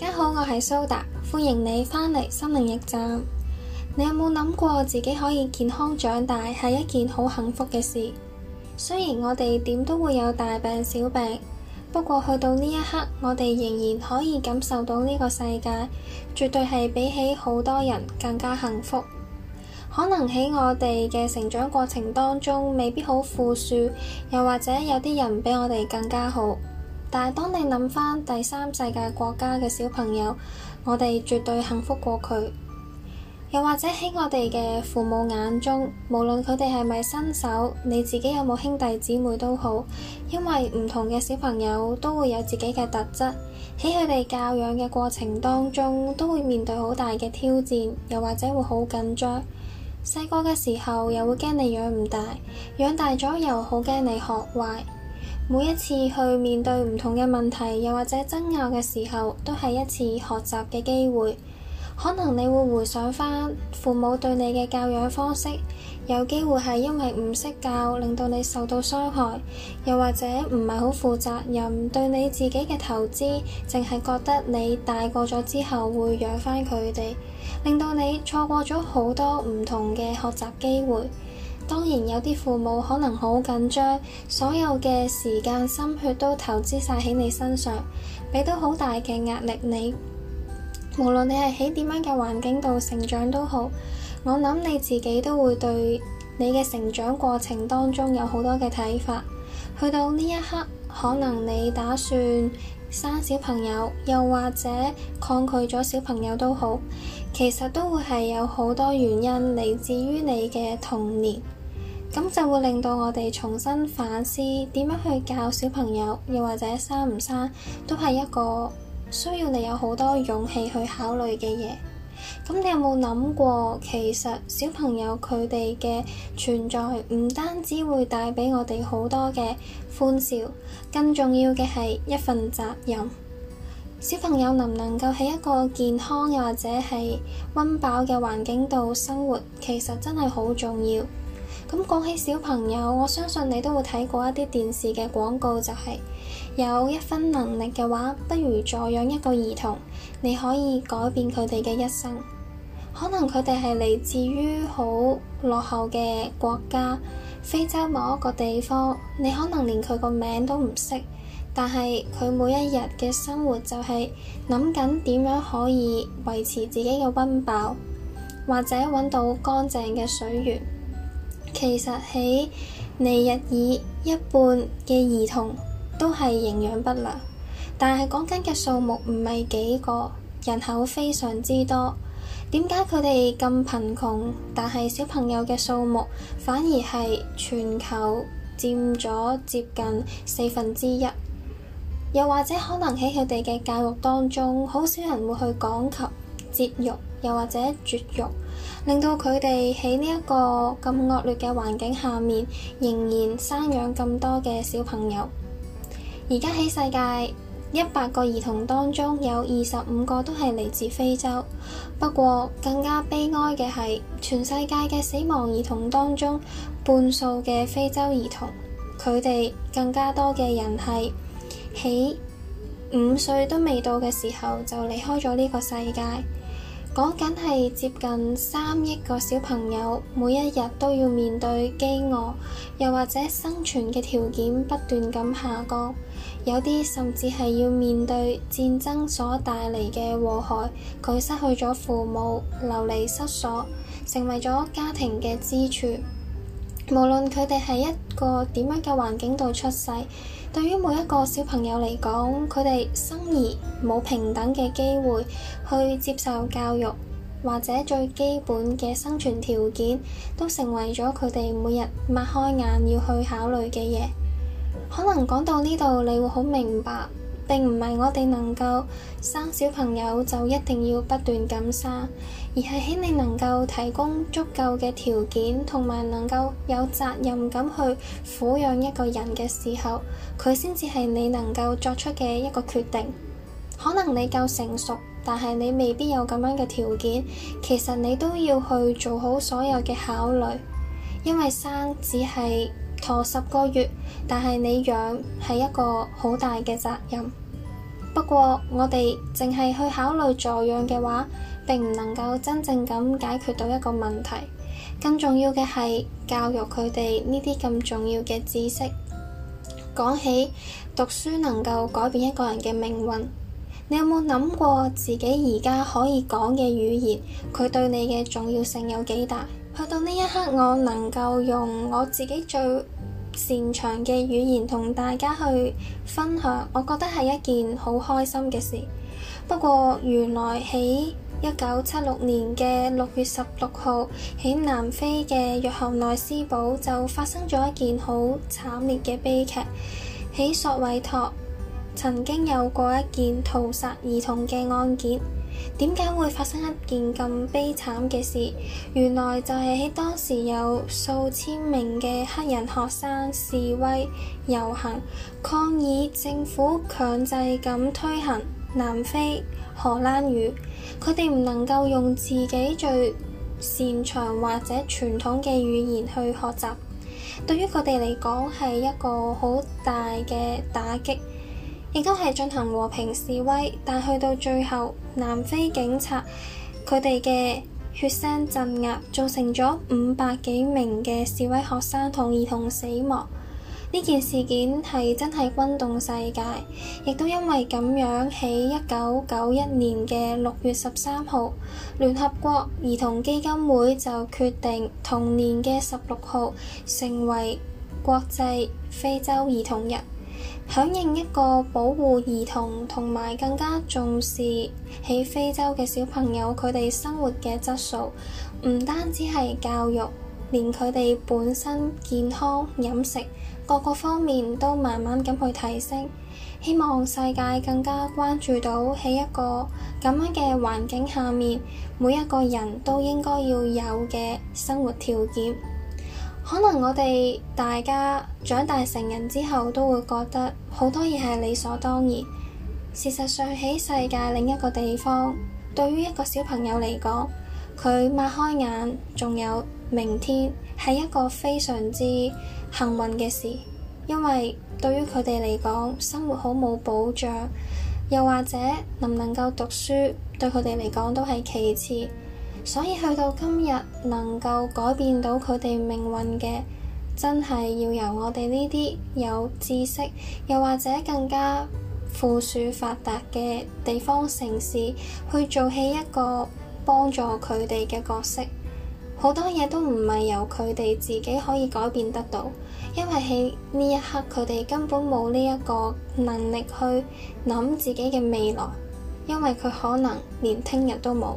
大家好，我係蘇達，歡迎你返嚟心靈驛站。你有冇諗過自己可以健康長大，係一件好幸福嘅事？雖然我哋點都會有大病小病，不過去到呢一刻，我哋仍然可以感受到呢個世界絕對係比起好多人更加幸福。可能喺我哋嘅成長過程當中，未必好富庶，又或者有啲人比我哋更加好。但係，當你諗返第三世界國家嘅小朋友，我哋絕對幸福過佢。又或者喺我哋嘅父母眼中，無論佢哋係咪新手，你自己有冇兄弟姊妹都好，因為唔同嘅小朋友都會有自己嘅特質。喺佢哋教養嘅過程當中，都會面對好大嘅挑戰，又或者會好緊張。細個嘅時候，又會驚你養唔大；養大咗，又好驚你學壞。每一次去面對唔同嘅問題，又或者爭拗嘅時候，都係一次學習嘅機會。可能你會回想翻父母對你嘅教養方式，有機會係因為唔識教，令到你受到傷害；又或者唔係好負責任，對你自己嘅投資，淨係覺得你大個咗之後會養翻佢哋，令到你錯過咗好多唔同嘅學習機會。當然有啲父母可能好緊張，所有嘅時間心血都投資晒喺你身上，俾到好大嘅壓力你。無論你無論你係喺點樣嘅環境度成長都好，我諗你自己都會對你嘅成長過程當中有好多嘅睇法。去到呢一刻，可能你打算生小朋友，又或者抗拒咗小朋友都好，其實都會係有好多原因嚟自於你嘅童年。咁就會令到我哋重新反思點樣去教小朋友，又或者生唔生都係一個需要你有好多勇氣去考慮嘅嘢。咁你有冇諗過？其實小朋友佢哋嘅存在唔單止會帶畀我哋好多嘅歡笑，更重要嘅係一份責任。小朋友能唔能夠喺一個健康又或者係温飽嘅環境度生活，其實真係好重要。咁講起小朋友，我相信你都會睇過一啲電視嘅廣告，就是，就係有一分能力嘅話，不如助養一個兒童，你可以改變佢哋嘅一生。可能佢哋係嚟自於好落後嘅國家非洲某一個地方，你可能連佢個名都唔識，但係佢每一日嘅生活就係諗緊點樣可以維持自己嘅温飽，或者揾到乾淨嘅水源。其實喺尼日爾一半嘅兒童都係營養不良，但係講緊嘅數目唔係幾個，人口非常之多。點解佢哋咁貧窮，但係小朋友嘅數目反而係全球佔咗接近四分之一？又或者可能喺佢哋嘅教育當中，好少人會去講求節育。又或者絕育，令到佢哋喺呢一個咁惡劣嘅環境下面，仍然生養咁多嘅小朋友。而家喺世界一百個兒童當中，有二十五個都係嚟自非洲。不過更加悲哀嘅係，全世界嘅死亡兒童當中，半數嘅非洲兒童，佢哋更加多嘅人係喺五歲都未到嘅時候就離開咗呢個世界。講緊係接近三億個小朋友，每一日都要面對飢餓，又或者生存嘅條件不斷咁下降。有啲甚至係要面對戰爭所帶嚟嘅禍害。佢失去咗父母，流離失所，成為咗家庭嘅支柱。無論佢哋喺一個點樣嘅環境度出世。對於每一個小朋友嚟講，佢哋生而冇平等嘅機會去接受教育，或者最基本嘅生存條件，都成為咗佢哋每日擘開眼要去考慮嘅嘢。可能講到呢度，你會好明白，並唔係我哋能夠生小朋友就一定要不斷咁生。而係喺你能夠提供足夠嘅條件，同埋能夠有責任咁去撫養一個人嘅時候，佢先至係你能夠作出嘅一個決定。可能你夠成熟，但係你未必有咁樣嘅條件。其實你都要去做好所有嘅考慮，因為生只係拖十個月，但係你養係一個好大嘅責任。不過我哋淨係去考慮助養嘅話，並唔能夠真正咁解決到一個問題。更重要嘅係教育佢哋呢啲咁重要嘅知識。講起讀書能夠改變一個人嘅命運，你有冇諗過自己而家可以講嘅語言，佢對你嘅重要性有幾大？去到呢一刻，我能夠用我自己最擅長嘅語言同大家去分享，我覺得係一件好開心嘅事。不過，原來喺一九七六年嘅六月十六號，喺南非嘅約翰內斯堡就發生咗一件好慘烈嘅悲劇。喺索韋托曾經有過一件屠殺兒童嘅案件。點解會發生一件咁悲慘嘅事？原來就係喺當時有數千名嘅黑人學生示威遊行，抗議政府強制咁推行南非荷蘭語，佢哋唔能夠用自己最擅長或者傳統嘅語言去學習，對於佢哋嚟講係一個好大嘅打擊。亦都係進行和平示威，但去到最後，南非警察佢哋嘅血腥鎮壓造成咗五百幾名嘅示威學生同兒童死亡。呢件事件係真係轟動世界，亦都因為咁樣喺一九九一年嘅六月十三號，聯合國兒童基金會就決定同年嘅十六號成為國際非洲兒童日。響應一個保護兒童同埋更加重視喺非洲嘅小朋友佢哋生活嘅質素，唔單止係教育，連佢哋本身健康、飲食各個方面都慢慢咁去提升。希望世界更加關注到喺一個咁樣嘅環境下面，每一個人都應該要有嘅生活條件。可能我哋大家長大成人之後都會覺得好多嘢係理所當然。事實上喺世界另一個地方，對於一個小朋友嚟講，佢擘開眼仲有明天，係一個非常之幸運嘅事。因為對於佢哋嚟講，生活好冇保障，又或者能唔能夠讀書，對佢哋嚟講都係其次。所以去到今日，能夠改變到佢哋命運嘅，真係要由我哋呢啲有知識，又或者更加富庶發達嘅地方城市去做起一個幫助佢哋嘅角色。好多嘢都唔係由佢哋自己可以改變得到，因為喺呢一刻佢哋根本冇呢一個能力去諗自己嘅未來，因為佢可能連聽日都冇。